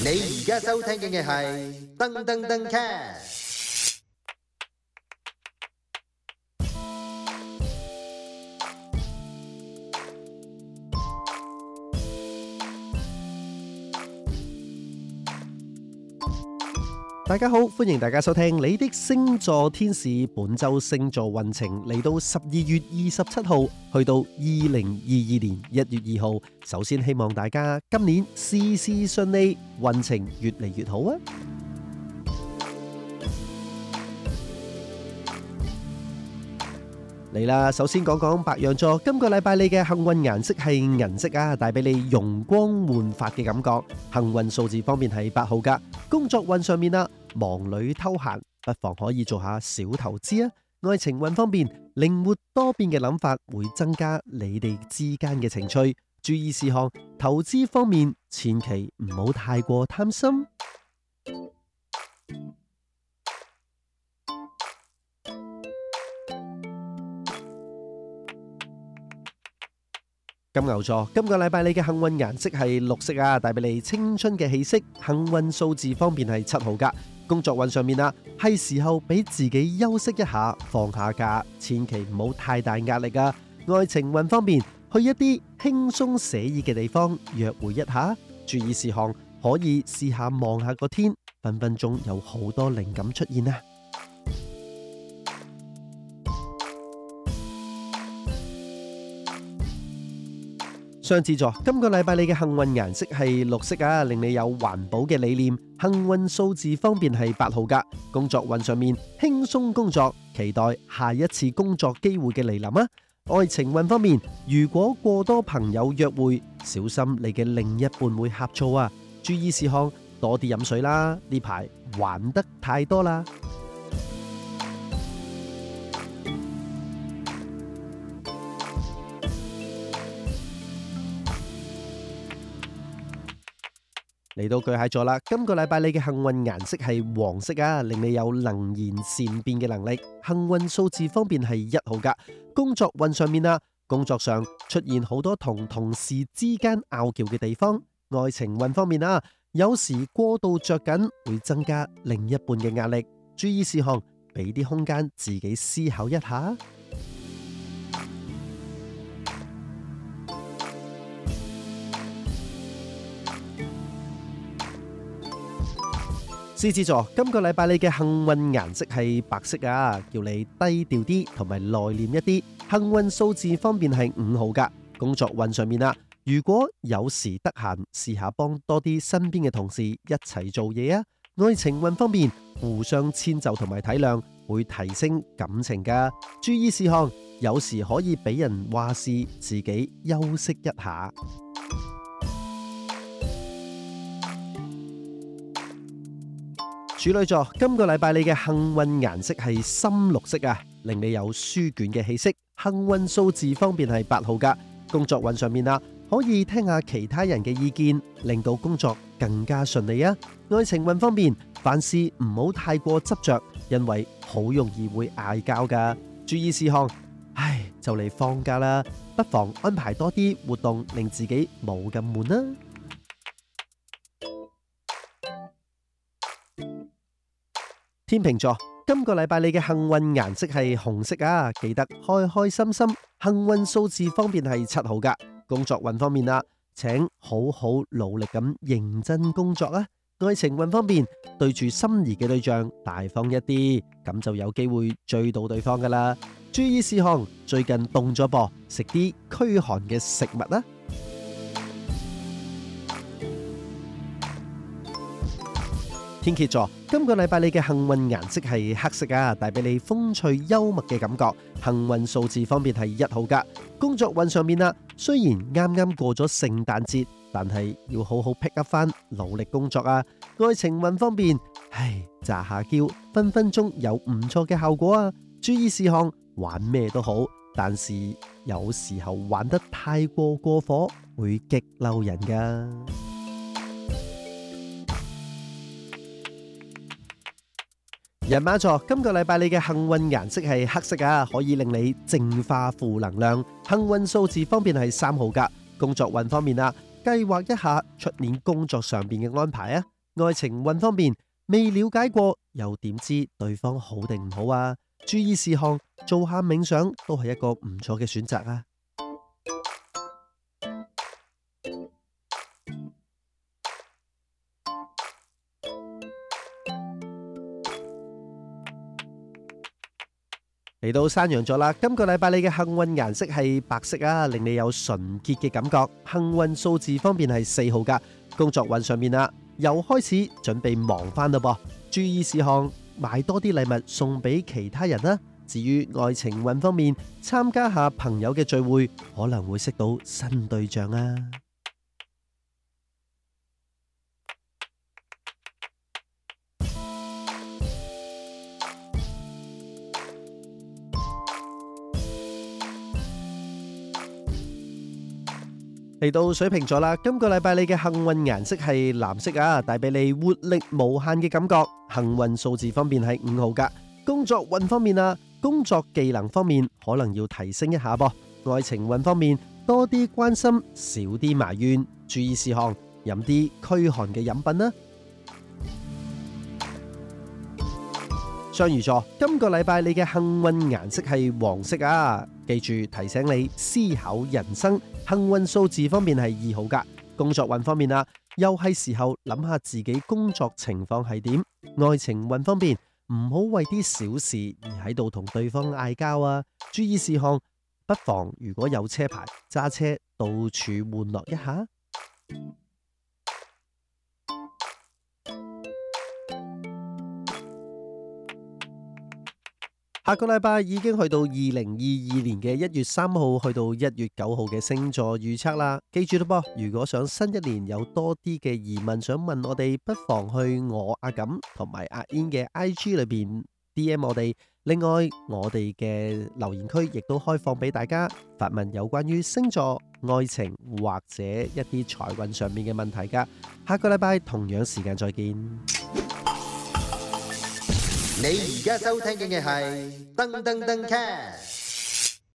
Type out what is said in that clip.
你而家收聽嘅係噔噔噔 cat 大家好，歡迎大家收聽你的星座天使本周星座運程，嚟到十二月二十七號，去到二零二二年一月二號。首先希望大家今年事事順利，運程越嚟越好啊！嚟啦，首先講講白羊座，今個禮拜你嘅幸運顏色係銀色啊，帶俾你容光煥發嘅感覺。幸運數字方面係八號噶，工作運上面啦、啊，忙裏偷閒，不妨可以做下小投資啊。愛情運方面，靈活多變嘅諗法會增加你哋之間嘅情趣。注意事項，投資方面千祈唔好太過貪心。金牛座，今個禮拜你嘅幸運顏色係綠色啊，帶俾你青春嘅氣息。幸運數字方面係七號噶，工作運上面啊，係時候俾自己休息一下，放下假，千祈唔好太大壓力啊。愛情運方面，去一啲輕鬆寫意嘅地方約會一下，注意事項可以試下望下個天，分分鐘有好多靈感出現啊！雙子座，今個禮拜你嘅幸運顏色係綠色啊，令你有環保嘅理念。幸運數字方面係八號噶。工作運上面輕鬆工作，期待下一次工作機會嘅來臨啊。愛情運方面，如果過多朋友約會，小心你嘅另一半會呷醋啊。注意事項，多啲飲水啦，呢排玩得太多啦。8嚟到巨蟹座啦，今個禮拜你嘅幸運顏色係黃色啊，令你有能言善辯嘅能力。幸運數字方面係一號㗎。工作運上面啊，工作上出現好多同同事之間拗撬嘅地方。愛情運方面啊，有時過度著緊會增加另一半嘅壓力。注意事項，俾啲空間自己思考一下。獅子座，處女座，今個禮拜你嘅幸運顏色係深綠色啊，令你有書卷嘅氣息。幸運數字方面係八號㗎，工作運上面啊，可以聽下其他人嘅意見，令到工作更加順利啊。愛情運方面，凡事唔好太過執着，因為好容易會嗌交㗎。注意事項，唉，就嚟放假啦，不妨安排多啲活動，令自己冇咁悶啊。天秤座，今個禮拜你嘅幸運顏色係紅色啊！記得開開心心，幸運數字方面係七號噶。工作運方面啦，請好好努力咁認真工作啊！愛情運方面，對住心儀嘅對象大方一啲，咁就有機會追到對方噶啦。注意事項，最近凍咗噃，食啲驅寒嘅食物啦。天蠍座，今個禮拜你嘅幸運顏色係黑色啊，帶俾你風趣幽默嘅感覺。幸運數字方面係一號噶。工作運上面啦，雖然啱啱過咗聖誕節，但係要好好 pick up 翻，努力工作啊。愛情運方面，唉，詐下嬌，分分鐘有唔錯嘅效果啊。注意事項，玩咩都好，但是有時候玩得太過過火，會激嬲人噶。人馬座，今個禮拜你嘅幸運顏色係黑色啊，可以令你淨化負能量。幸運數字方面係三號㗎。工作運方面啊，計劃一下出年工作上面嘅安排啊。愛情運方面，未了解過又點知對方好定唔好啊？注意事項，做下冥想都係一個唔錯嘅選擇啊。嚟到山羊座啦，今個禮拜你嘅幸運顏色係白色啊，令你有純潔嘅感覺。幸運數字方面係四號噶，工作運上面啊，又開始準備忙翻啦噃。注意事項，買多啲禮物送俾其他人啦。至於愛情運方面，參加下朋友嘅聚會，可能會識到新對象啊。嚟到水瓶座啦，今個禮拜你嘅幸運顏色係藍色啊，帶俾你活力無限嘅感覺。幸運數字方面係五號噶，工作運方面啊，工作技能方面可能要提升一下噃。愛情運方面多啲關心，少啲埋怨。注意事項，飲啲驅寒嘅飲品啦、啊。雙魚座，今個禮拜你嘅幸運顏色係黃色啊。記住提醒你思考人生，幸運數字方面係二號㗎。工作運方面啦、啊，又係時候諗下自己工作情況係點。愛情運方面唔好為啲小事而喺度同對方嗌交啊！注意事項，不妨如果有車牌揸車到處玩樂一下。下個禮拜已經去到二零二二年嘅一月三號去到一月九號嘅星座預測啦，記住啦噃！如果想新一年有多啲嘅疑問想問我哋，不妨去我阿感同埋阿 In 嘅 I G 裏邊 D M 我哋。另外，我哋嘅留言區亦都開放俾大家發問有關於星座、愛情或者一啲財運上面嘅問題㗎。下個禮拜同樣時間再見。你而家收聽嘅係噔噔噔 cast。